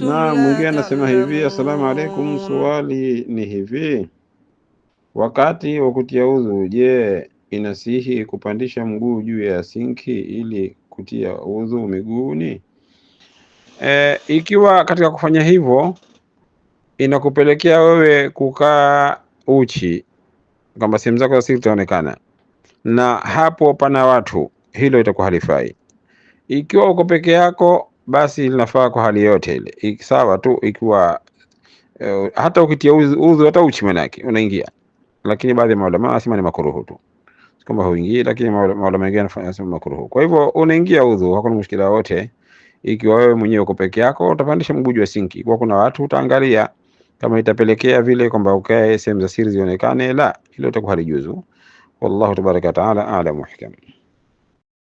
Na mwingine anasema hivi, assalamu alaikum, swali ni hivi, wakati wa kutia udhu, je, inasihi kupandisha mguu juu ya sinki ili kutia udhu miguuni? E, ikiwa katika kufanya hivyo inakupelekea wewe kukaa uchi, kwamba sehemu zako za siri zitaonekana, na hapo pana watu hilo itakuwa halifai. Ikiwa uko peke yako, basi linafaa kwa hali yote ile, sawa tu. Ikiwa uh, hata ukitia udhu hata uchi manake unaingia, lakini baadhi ya maulama asema ni makuruhu tu, kwamba huingii, lakini maulama wengine wanasema makuruhu. Kwa hivyo unaingia udhu, hakuna mshikila wote. Ikiwa wewe mwenyewe uko peke yako, utapandisha mguu wa sinki. Kwa kuna watu utaangalia kama itapelekea vile kwamba ukae sehemu za siri zionekane, la, hilo itakuwa halijuzu. Wallahu tabaraka wataala alam muhkam.